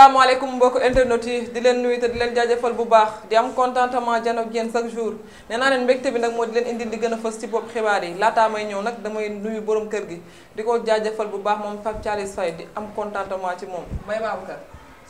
asalaamaaleykum mbokk internet yi di leen nuyu te di leen jaajafal bu baax di am contentement jano ak yéen chaque jour nee naa leen mbégte bi nag moo di leen indil di gën a fës ci bopp xibaar yi laataa may ñëw nag damay nuyu borom kër gi di ko jaajafal bu baax moom Pape Thialis Faye di am contentement ci moom may Babacar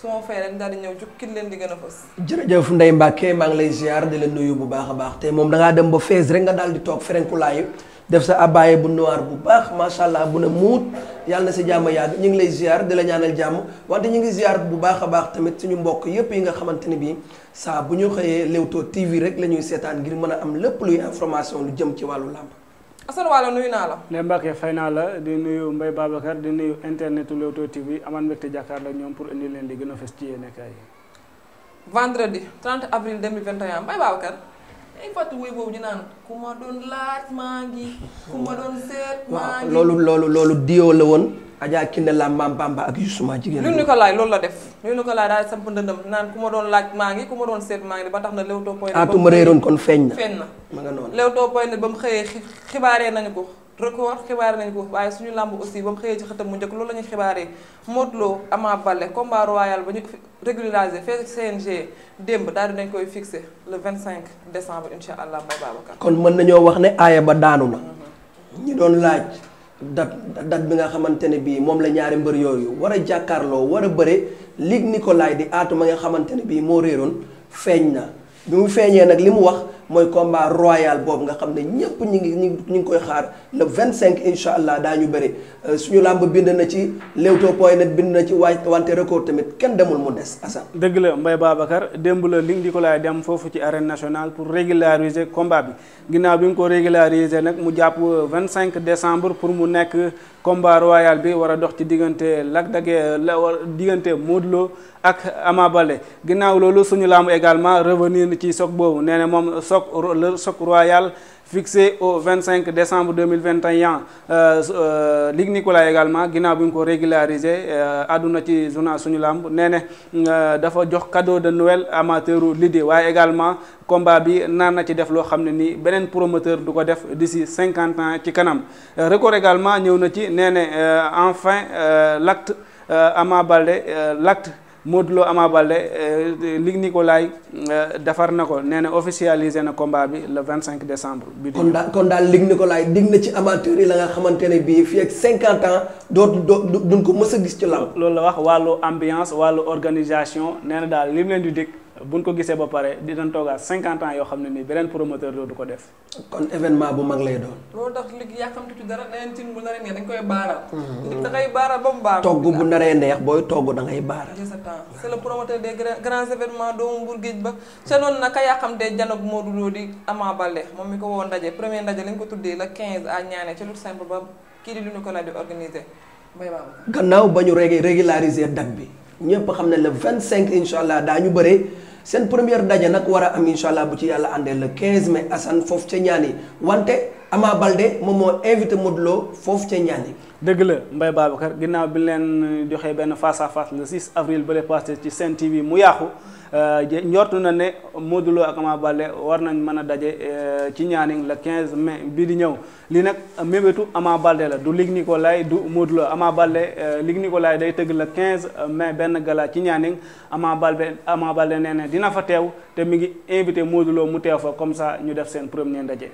su ma fay rek daal di ñëw jukkil leen di gën a fës jërëjëf Ndeye Mbacke maa ngi lay ziar di leen nuyu bu baax a baax te moom da dem ba fees rek nga daal di toog ferenku laayu def sa abaaye bu noir bu baax macha allah bu ne muut yàlla si sa jàmm yàgg ñu ngi lay ziar di la ñaanal jàmm wante ñu ngi ziar bu baax a baax tamit suñu mbokk yépp yi nga xamante ne bii saa bu ñu xëyee Leewtoo TV rek la ñuy seetaan ngir mën a am lépp luy information lu jëm ci wàllu làmp Assane Waala nuyu naa la. Ndeye Mbacke fay naa la di nuyu Mbaye Babacar di nuyu internetu Leewtoo TV amaan mbégte jàkkaar la ñoom pour indi leen di gën a fës ci yéenekaay yi. vendredi 30 avril 2021 Mbaye Babacar. ay fàttu woy boobu di naan ku ma doon laaj maa ngi ku ma doon seet maa ngi loolu loolu loolu dioo la woon Adja Kinde la Maam Bamba ak Youssouma jigéen lu ñu ko laaj loolu la def lu ñu ko laaj daal samp ndëndam naan ku ma doon laaj maa ngi ku ma doon seet maa ngi ba tax na Leewtoo point net atuma ah, réeroon kon feeñ na feeñ na ma nga ba mu xëyee xibaaree nañu ko record xibaar nañ ko waaye suñu làmb aussi ba mu xëyee ci xëtam mu njëkk loolu la ñuy xibaaree Modou Lo Ama Baldé combat royal ba ñu régularisé fee CNG démb daal dinañ koy fixé le 25 décembre incha allah bay Babacar. kon mën nañoo wax ne aaya ba daanu na. ñi doon laaj dat dat bi nga xamante ne bii moom la ñaari mbër yooyu war a jàkkaarloo war a bëre Luc Nicolaï di aatu ma nga xamante ne bii moo réeroon feeñ na bi mu feeñee nag li mu wax. mooy combat royal boobu nga xam ne ñëpp ñi ngi ñu ngi koy xaar vingt cinq incha allah daañu bëri euh, suñu làmb bind na ci Leewtoo point net bind na ci waay wante record tamit kenn demul mu des Assane. dëgg la Mbaye Babacar démb la li di ko laay dem foofu ci arène nationale pour régulariser combat bi ginnaaw bi mu ko régulariser nag mu jàpp euh, cinq decembre pour mu nekk combat royal bi war a dox ci diggante Lac de Guiers euh, diggante Modou ak Ama Baldé ginnaaw loolu suñu laamu également revenir ci choc boobu nee na moom choc le choc royal fixé au 25 décembre 2021 euh, euh, Luc Nicolaï également ginnaaw bi ñu ko régularisé euh, àdduna ci journal suñu làmb nee ne dafa jox cadeau de Noël amateur lidi waaye également combat bi naan na ci def loo xam ne nii beneen promoteur du ko def si cinquante ans ci kanam record également ñëw na ci nee ne enfin l'acte Ama Baldé l'acte Modou Lo Ama Baldé euh, Luc Nicolaï euh, defar na ko nee na officialisé na combat bi le 25 décembre. bi kon daal kon daal Luc Nicolaï dig na ci amateurs yi la nga xamante ne bii fi ak 50 ans dootu doo duñ ko mës a gis ci làmb. loolu la wax wàllu ambiance wàllu organisation nee na daal lim leen di dégg. bu buñ ko gisee ba pare dinañ toogaa cinquante ans yoo xam ne nii beneen promoteur du ko def. kon événement bu mag lay doon. loolu tax li yàkkamtu ci dara nee nañ bu naree neex dañ koy baaral. Hmm. baaral ba mu baaral. togg bu naree neex booy togg da ngay baaral. c' est le promoteur des grands événements doomu Mbour géej ba. ca noonu nag ka yàkkamtee janoog Modou Lo di Ama Baldé moom mi ko woo ndaje premier ndaje lañ ko tuddee la 15 à Niané ci lu simple ba kii di lu ñu ko la di organiser mbay ba. gannaaw bi. ñëpp xam ne le 25 incha allah daa ñu bëree seen première daje nag war a am incha bu ci yàlla àndee le quinze mai assan foofu ca ñaan yi wante. Ama Baldé moom moo invité Modou foofu ci Niani. dëgg la Mbaye Babacar ginnaaw bi leen euh, joxee benn fas a face le 6 avril ba le passé ci Sen TV mu yàqu euh, njortu na ne Modou Lo ak Ama Baldé war na mën a daje euh, ci Nianing la quinze mais bii di ñëw li nag mébétu Ama Baldé la du Luc Nicolaï du Modou Lo Ama Baldé Luc day tëgg la quinze mais benn gala ci Nianing Ama Baldé Ama Baldé nee na dina fa teew te mi ngi invité Modou Lo mu teew fa comme ça ñu def seen premier ndaje.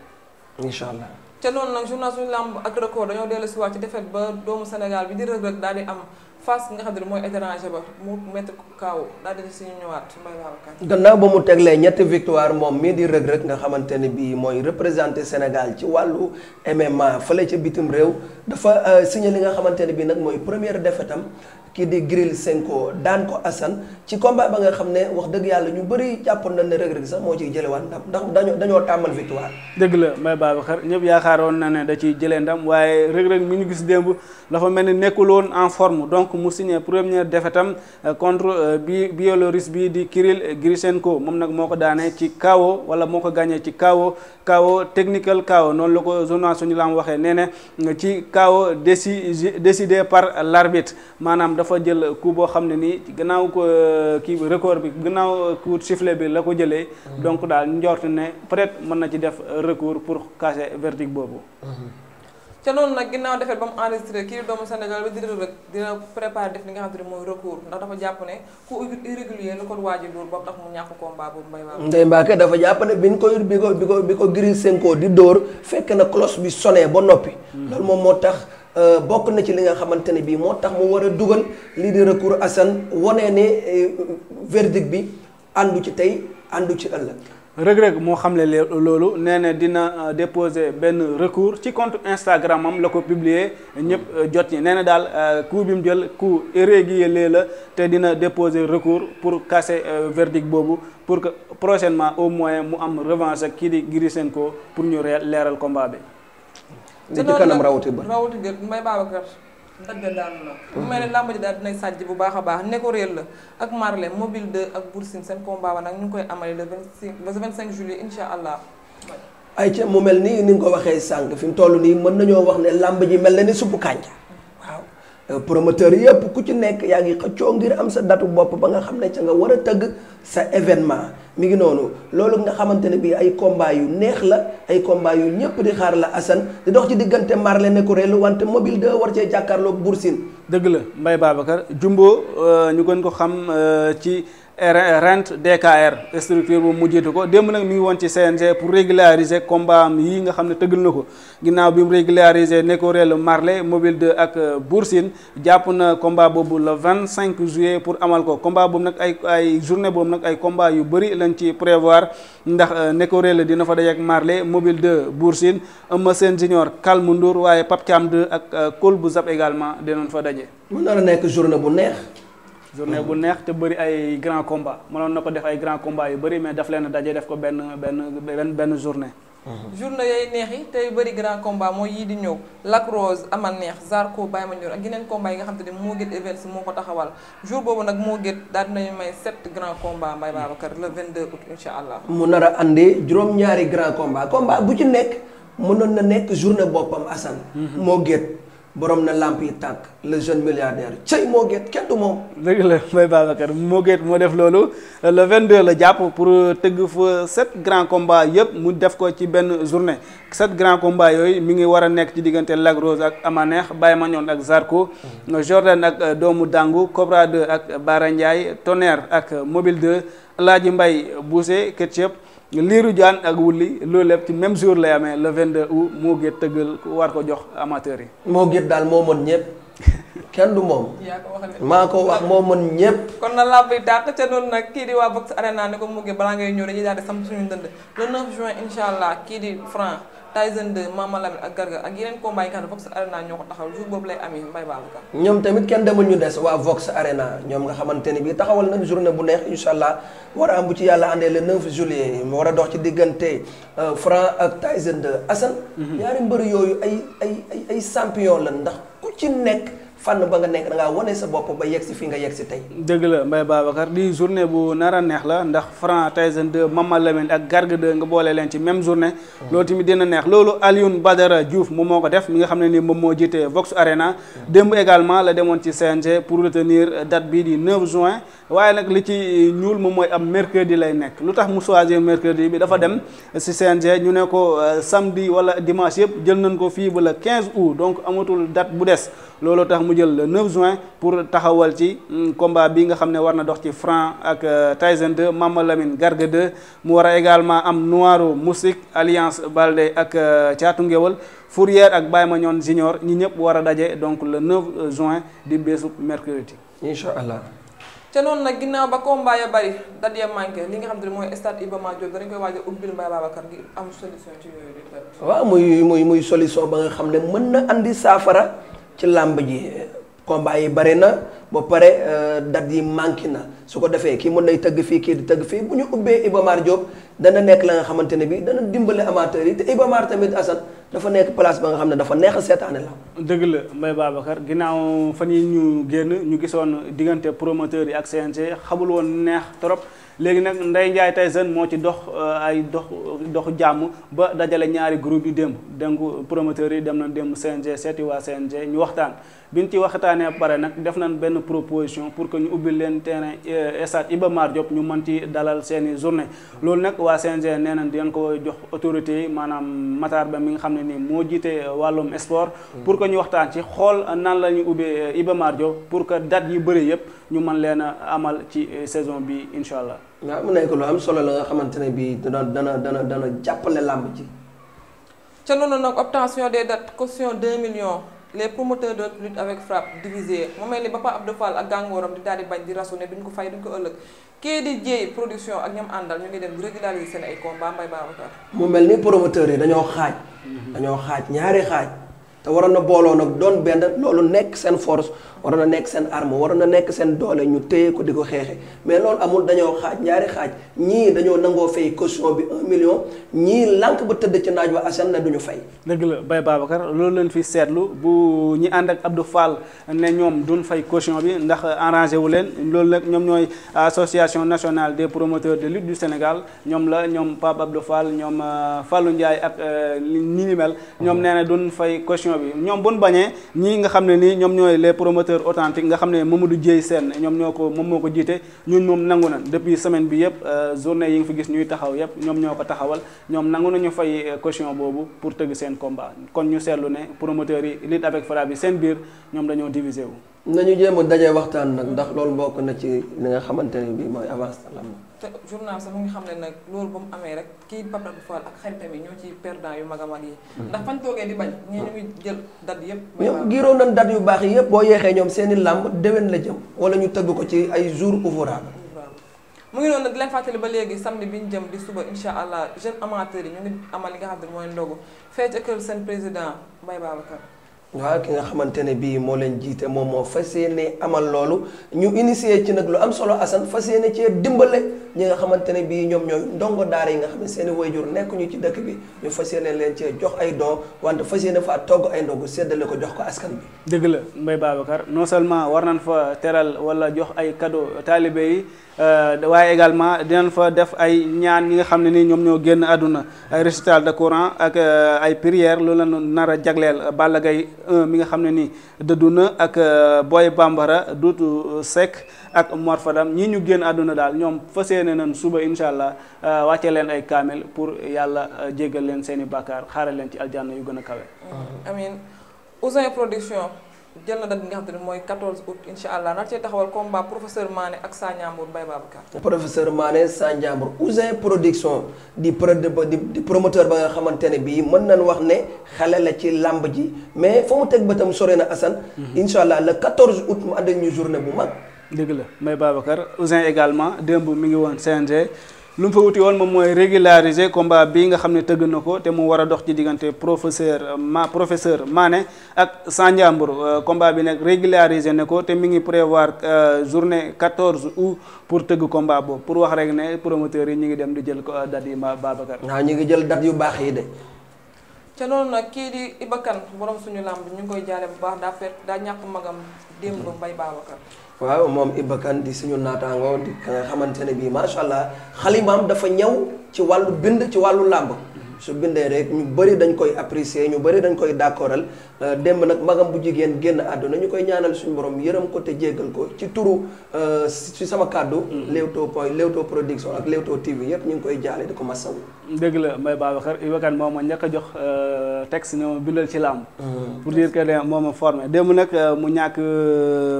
incha allah ca noonu nag journal suñu làmb ak record dañoo dellu si waat ci defet ba doomu Sénégal bi di Reug Reug daal di am fas nga xam ne mooy étranger ba mu mettre kaw daal di suñu ñëwaat Mbaye Babacar. gannaaw ba mu teglee ñetti victoire moom mii di Reug Reug nga xamante ne bii mooy représenté Sénégal ci wàllu MMA fële ca bitim réew dafa euh, signé li nga xamante ne bii nag mooy première défaite am kii di Grill Senko daan ko Assane ci combat ba nga xam ne wax dëgg yàlla ñu bëri jàppoon nañ ne rëg-rëg sax moo ciy jëlewaat ndam ndax dañoo dañoo tàmmal victoire dëgg la may Babacar ñëpp yaakaaroon na ne da ciy jëlee ndam waaye rëg-rëg mi ñu gis démb dafa mel ni nekkul woon en forme donc mu signé première défaite am euh, contre euh, bi biélorusse bi di Kirill Grisenko moom nag moo ko daanee ci KO wala moo ko gàñee ci KO KO technical KO noonu la ko journal suñu laam waxee nee na ci KO décidé par l'arbitre maanaam dafa jël coup boo xam ne nii gannaaw ko euh, kii record bi gannaaw coup sifflet bi la ko jëlee. Mm-hmm. donc daal njort ne peut-être mën na ci def euh, recours pour casser verdict boobu. Mm-hmm. ca noonu nag ginnaaw defet ba mu enregistré kii doomu Sénégal ba dina rek dina préparé def li nga xam ne mooy recours ndax dafa jàpp ne ku irrégulier lu ko waaju dóor ba tax mu ñàkk combat boobu mbay waaw Ndeye Mbacke dafa jàpp bi ñu ko bi ko bi ko bi ko di dóor fekk na cloche bi sonné ba noppi. Mm-hmm. Euh, bokk na ci li nga xamante ne bii moo tax mu war a dugal lii di recours Assane wane ni euh, verdict bi àndu ci tey àndu ci ëllëg. rëg-rëg moo xamle loolu nee na dina euh, déposer benn recours ci compte Instagram am la ko publier ñëpp jot ñi nee na daal coup bi mu jël coup irrégulier la te dina déposer recours pour case verdict boobu pour que prochainement au moins mu am revanche ak kii di Gris Séne ko pour ñu leeral combat bi. li ci kanam rawati ba rawati gër mbay Babacar dagga daanu la bu mel ne làmb ji daal dinañ sàjj bu baax a baax ne ko réel la ak Marley mobile 2 ak Boursine seen combat ba nag ñu ngi koy amale le 25 ba 25 juillet incha allah ay ca mu mel nii ni nga ko waxee sànq fi mu toll nii mën nañoo wax ne làmb ji mel na ni suppu kànja waaw euh, promoteur yëpp ku ci nekk yaa ngi xëccoo ngir am sa datu bopp ba nga xam ne ca nga war a tëgg sa événement mi ngi noonu loolu nga xamante ne bii ay combat yu neex la ay combat yu ñëpp di xaar la Assane di dox ci diggante na Marley Nekorel wante mobile 2 war cee jàkkaarloog Bour Sine. dëgg la Mbaye Babacar Jumbo euh, ñu gën ko xam euh, ci. rent DKR structure boobu mu jiitu ko démb nag mu ngi woon ci CNG pour régulariser combat yi nga xam ne tëggal na ko ginnaaw bi mu régulariser Nekorel Marley Mobile 2 ak euh, Boursine jàpp na combat boobu la le cinq juillet pour amal ko combat boobu nag ay ay journée boobu nag ay combat yu bëri lañ ci prévoir ndax euh, Nekorel dina fa daje ak Marley Mobile 2 Boursine Eumeu Sène Junior Kalmu Ndour waaye Pape Thiam 2 ak euh, Kolbu Zap également dinañ fa daje. mën na la bu neex. journée bu neex te bëri ay grand combat mënoon na ko def ay grand combat yu bëri mais daf leen daje def ko benn benn benn benn journée. Mhm. journée yooyu neex yi tey bëri grand combat mooy yii di ñëw Lac Rose amal neex Zarko Baye Mandione ak yeneen combat yi nga xam ne moo gét events moo ko taxawal jour boobu nag moo gét daal dinañu may sept grand combat Mbaye Babacar le 22 août incha allah. mu nar a andi juróom-ñaari grand combat combat bu ci nekk mënoon na nekk journée boppam Assane. Mhm. moo gét. borom na làmp yi tàkk le jeune milliardaire cey moo kenn du moom. dëgg la Mbaye Babacar moo def loolu le 22 la jàpp pour tëgg fa sept grands combats yëpp mu def ko ci benn journée sept grands combats yooyu mi ngi war a nekk ci diggante Lac Rose ak Amaneex Baye Mandione ak Zarko. Mm-hmm. Jordan ak Doomu Dangu Cobra 2 ak Bara Ndiaye Tonnerre ak Mobile 2. Alaaji Mbay Buuse Ketchup liiru jaan ak wulli loolu lépp ci même jour lay amee le 22 août moo gét tëggal war ko jox amateurs yi. moo gét daal moo mën ñëpp kenn du moom. maa ko wax moo mën ñëpp. kon na làmb yi dàq ca noonu nag kii di waa Vox Arena ne ko moo gét balaa ngay ñëw dañuy daal di samp suñu ndënd le juin incha allah kii di franc. Tyson 2 Mama ak Garga ak yeneen combat yi nga xam ne Vox Arena ñoo ko taxawal jour boobu lay amee Mbaye ñoom tamit kenn demul ñu des waa Vox Arena ñoom nga xamante ne bii taxawal nañ journée bu neex incha allah war a am bu ci yàlla àndee le 9 juillet mu war a dox ci diggante euh, Franc ak Tyson de Assane mhm. ñaari mbër yooyu ay ay ay ay champion ndax ku ci nekk fànn ba nga nekk da ngaa sa bopp ba yeg si fi nga yegg si tey. dëgg la Mbaye Babacar di journée bu nar a neex la ndax Franc de 2 Mama Lamine ak Garga 2 nga boole leen ci même journée. Hmm. loolu tamit dina neex loolu Alioune Badara Diouf moom moo ko def mi nga xam ne ni moom moo jiite Vox Arena. Hmm. démb également la demoon ci CNG pour retenir date bii di 9 juin waaye nag li ci ñuul moom mooy am mercredi lay nekk lu tax mu choisir mercredi bi dafa dem hmm. si CNG ñu ne ko euh, samedi wala dimanche yëpp jël nañ ko fii ba le 15 donc amatul date bu des. looloo tax mu jël la 9 juin pour taxawal ci mm, combat bi nga xam ne war na dox ci Franc ak euh, Tyson 2 Mama Lamine mu war a également am Noiro Moustique Alliance Balde ak euh, Caatu Ngewal Fourière ak Baye Mañoon Junior ñi ñëpp war a daje donc le 9 euh, juin di bésu mercredi. incha allah. te noonu nag ginnaaw ba combat ya bari dat ya manqué li nga xam te ne mooy stade Iba Mar Diop dañ koy waaj a ubbil Mbaye muy solution ba nga xam ne mën na indi saafara. ci làmb ji combat yi bare na ba pare euh, date yi manqué na su ko defee kii mun nay tëgg fii kii di tëgg fii bu ñu ubbee Iba Mar dana nekk la nga xamante ne bi dana dimbale amateurs yi te Iba Mar tamit Assane dafa nekk place ba nga xam ne dafa neex a seetaane la. dëgg la Mbaye Babacar ginnaaw fan yi ñu génn ñu gisoon diggante promoteur yi ak CNG xamul woon neex trop. léegi nag Ndeye Ndiaye Tyson moo ci dox euh, ay dox dox jàmm ba dajale ñaari groupe yi démb donc promoteurs yi dem na démb CNG seeti waa CNG ñu waxtaan bi ñu ci waxtaanee pare nag def nañ benn proposition pour que ñu ubbi leen terrain euh, stade Iba Mar Diop ñu mën ci dalal seen i loolu nag waa CNG nee nañ di ko jox autorités maanaam Matar Ba mi nga xam ne nii moo jiite euh, wàllum sport mm. pour que ñu waxtaan ci xool nan la ñu ubbee Iba Mar pour que date yi bëri yëpp ñu man leen a amal ci saison bi incha allah waaw mun nekk lu am solo la nga xamante ne bii dana dana dana dana jàppale làmb ji. ca noonu nag obtention des dates caution 2 millions les promoteurs de lutte avec frappe divisé mu mel ni Papa Abdou Fall ak gàngooram di daal di bañ di rasu ne duñ ko fay duñ ko ëllëg kee di jéey production ak ñoom àndal ñu ngi dem régulariser seen ay combat mbay Babacar. mu mel ni promoteurs yi dañoo xaaj. Mm-hmm. dañoo xaaj ñaari xaaj. te waroon na booloo nag doon benn loolu nekk seen force waroon na nekk seen arme waroon na nekk seen doole ñu téye ko di ko xeexe mais loolu amul dañoo xaaj ñaari xaaj ñii dañoo nangoo fay caution bi un million ñii lànk ba tëdd ci naaj wa asan na duñu fay. dëgg la Baye Babacar loolu fi seetlu bu ànd ak Abdou Fall ne ñoom duñ fay caution bi ndax arrangé wu leen loolu nag ñoom ñooy association nationale des promoteurs de lutte du Sénégal ñoom la ñoom Pape Abdou Fall ñoom euh, Fallou njaay ak euh, ni ñoom nee na duñ fay production bi ñoom bu ñu bañee ñii nga xam ne nii ñoom ñooy les promoteurs authentiques nga xam ne moom Mamadou Dieye seen ñoom ñoo ko moom moo ko jiite ñun moom nangu na depuis semaine bi yëpp euh, journée yi nga fi gis ñuy taxaw yëpp ñoom ñoo ko taxawal ñoom nangu nañu fay euh, caution boobu pour tëgg seen combat kon ñu seetlu ne promoteurs yi lutte avec Fra bi seen biir ñoom dañoo diviser wu. nañu jéem a daje waxtaan nag ndax loolu bokk na ci li nga xamante ne bii mooy avance lamb te journal sax mu ngi xam ne nag loolu ba mu amee rek kii Pape Abdou Fall ak xaritam yi ñoo ci perdant yu mag a mag yi hmm. ndax fañ toogee di bañ ñii ñu ngi jël dat yëpp ñoom giiroo nañ dat yu baax yi yëpp boo yeexee ñoom seeni làmb déwén la jëm wala ñu tëgg ko ci ay jour ouvrable mu ngi noonu nag di leen fàttali ba léegi samedi bi ñu jëm di suba insha allah jeunes amateurs yi ñu ngi amal li nga xam ne mooy ndogu fee ca kër seen président Mbaye Babacar waaw ki nga xamante ne bii moo leen jiite moom moo fas yéene amal loolu ñu initier ci nag lu am solo Assane fas yéene cee dimbale ñi nga xamante ne bii ñoom ñoo ndongo daar yi nga xam ne seen i wayjur nekk ñu ci dëkk bi ñu fas yéene leen cee jox ay doo wante fas yéene faa togg ay ndogu séddale ko jox ko askan bi. dëgg la Mbaye Babacar non seulement war nañ fa teral walla jox ay cadeau taalibe yi euh, waaye également dinañ fa def ay ñaan ñi nga xam ne ni ñoom ñoo génn àdduna ay de Coran ak euh, ay prières loolu la ñu nar a jagleel Balla Gaye 1 mi nga xam ne ni dëddu na ak euh, Boy Bambara Duutu euh, Seck ak Mor Fadam ñi ñu génn àdduna daal ñoom fas yéene nañ suba incha allah euh, wàcce leen ay kaamel pour yàlla jéggal leen seen i bàkkaar xaaral leen ci aljanna yu gën a kawe. jël na date bi nga xam te ne mooy 14 août incha allah nar cee taxawal combat professeur Mané ak Sandiambour Mbaye Babacar. professeur Mané Sandiambour Ousin production di pro di promoteur ba nga xamante ne bii mën nañu wax ne xale la ci làmb ji mais fa mu teg ba tam sore na Assane. Mhm. incha allah la 14 août mu ànd ñu journée bu mag. dëgg la Mbaye Babacar Ousin également démb mi ngi woon CNG. lu mu fa wuti woon moom mooy régulariser combat bi nga xam ne tëgg na ko te mu war a dox ci diggante professeur ma professeur Mané ak Sandiambour euh, combat bi nag régulariser na ko te mi ngi prévoir euh, journée 14 août pour tëgg combat boobu pour wax rek ne promoteurs yi ñu ngi dem di jël ko euh, date yi ma Babacar. waaw ñu ngi jël date yu baax yi de. ca loolu nag kii di Iba Kane suñu làmb ñu ngi koy jaale bu baax daa perte daa ñàkk magam démb mbay Babacar. waaw moom Iba Kane di suñu naataangoo di ka nga xamante ne bii macha allah xalimaam dafa ñëw ci wàllu bind ci wàllu làmb su bindee rek ñu bëri dañ koy apprécier ñu bëri dañ koy d'accordal euh, démb nag magam bu jigéen génn àdduna ñu koy ñaanal suñu boroom yërëm ko te jéggal ko ci turu si euh, sama kàddu mm-hmm. Leewtoo point Leewtoo production ak Leewtoo TV yëpp ñu ngi koy jaale di ko masawu dëgg la Mbaye Babacar Ibakan moo ma njëkk a jox euh, texte ne ma bindal ci làmb mm-hmm. pour dire que ne moo ma formé démb nag mu ñàkk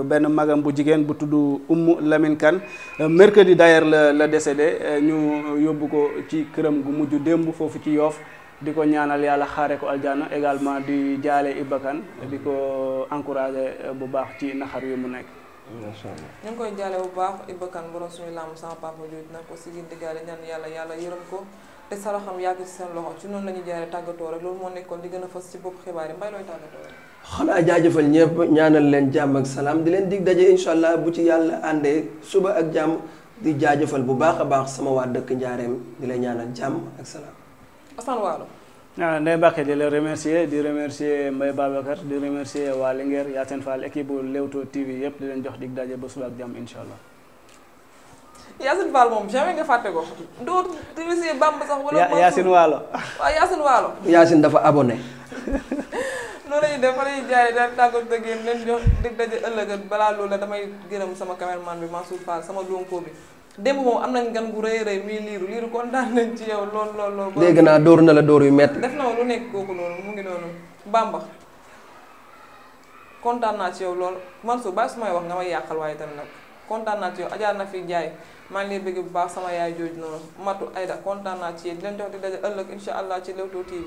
benn magam bu jigéen bu tudd Oumou Lamine Kane mercredi d'ailleurs la la décédé ñu yóbbu ko ci këram gu mujj démb foofu ci yoon Yoff di ko ñaanal yàlla xaare ko aljana également di jaale Ibakan di ko encourager euh, bu baax ci naxar yu mu nekk incha allah koy jaale bu baax Ibakan borom suñu làmb sama papa jooju nag aussi di diggaale ñaan yàlla yàlla yërëm ko te saraxam yàgg ci seen loxo ci noonu la ñuy tàggatoo rek loolu moo nekkoon di gën a fas ci bopp xibaar yi mbay looy tàggatoo rek. xanaa jaajëfal ñëpp ñaanal leen jàmm ak salaam di leen dig daje incha allah bu ci yàlla àndee suba ak jàmm di jaajëfal bu baax a baax sama waa dëkk njaareem di la ñaanal jàmm ak salaam. Assane Waalo waaw ah, Ndeye Mbacke di la remercier di remercier Mbaye Babacar di remercier waa Linguère Yacine Fall équipe TV yëpp leen jox dig daje ba suba ak jàmm incha allah. moom jamais nga fàtte ko. doo remercier Bamba sax wala. Yacine Waalo Waalo. Yacine dafa abonné. noonu la def fa la ñuy jaaree daal tàggatoo ak yéen leen jox dig daje ëllëg balaa loolu la damay gërëm sama caméraman bi Mansour Fall sama lonko bi. démb moom am nañ gan bu rëy rëy muy liiru liiru kontaan nañ ci yow lool lool lool. dégg naa dóor na la dóor yu métti. def na lu nekk kooku noonu mu ngi noonu bàmba kontaan naa ci yow lool man su baax su wax nga may yàqal waaye tamit nag kontaan naa ci yow ajaar na fi jaay maa ngi lay bëgg bu baax sama yaay jooju noonu matu ayda kontaan naa ci yéen di leen jox di daje ëllëg incha allah ci Leewtoo TV.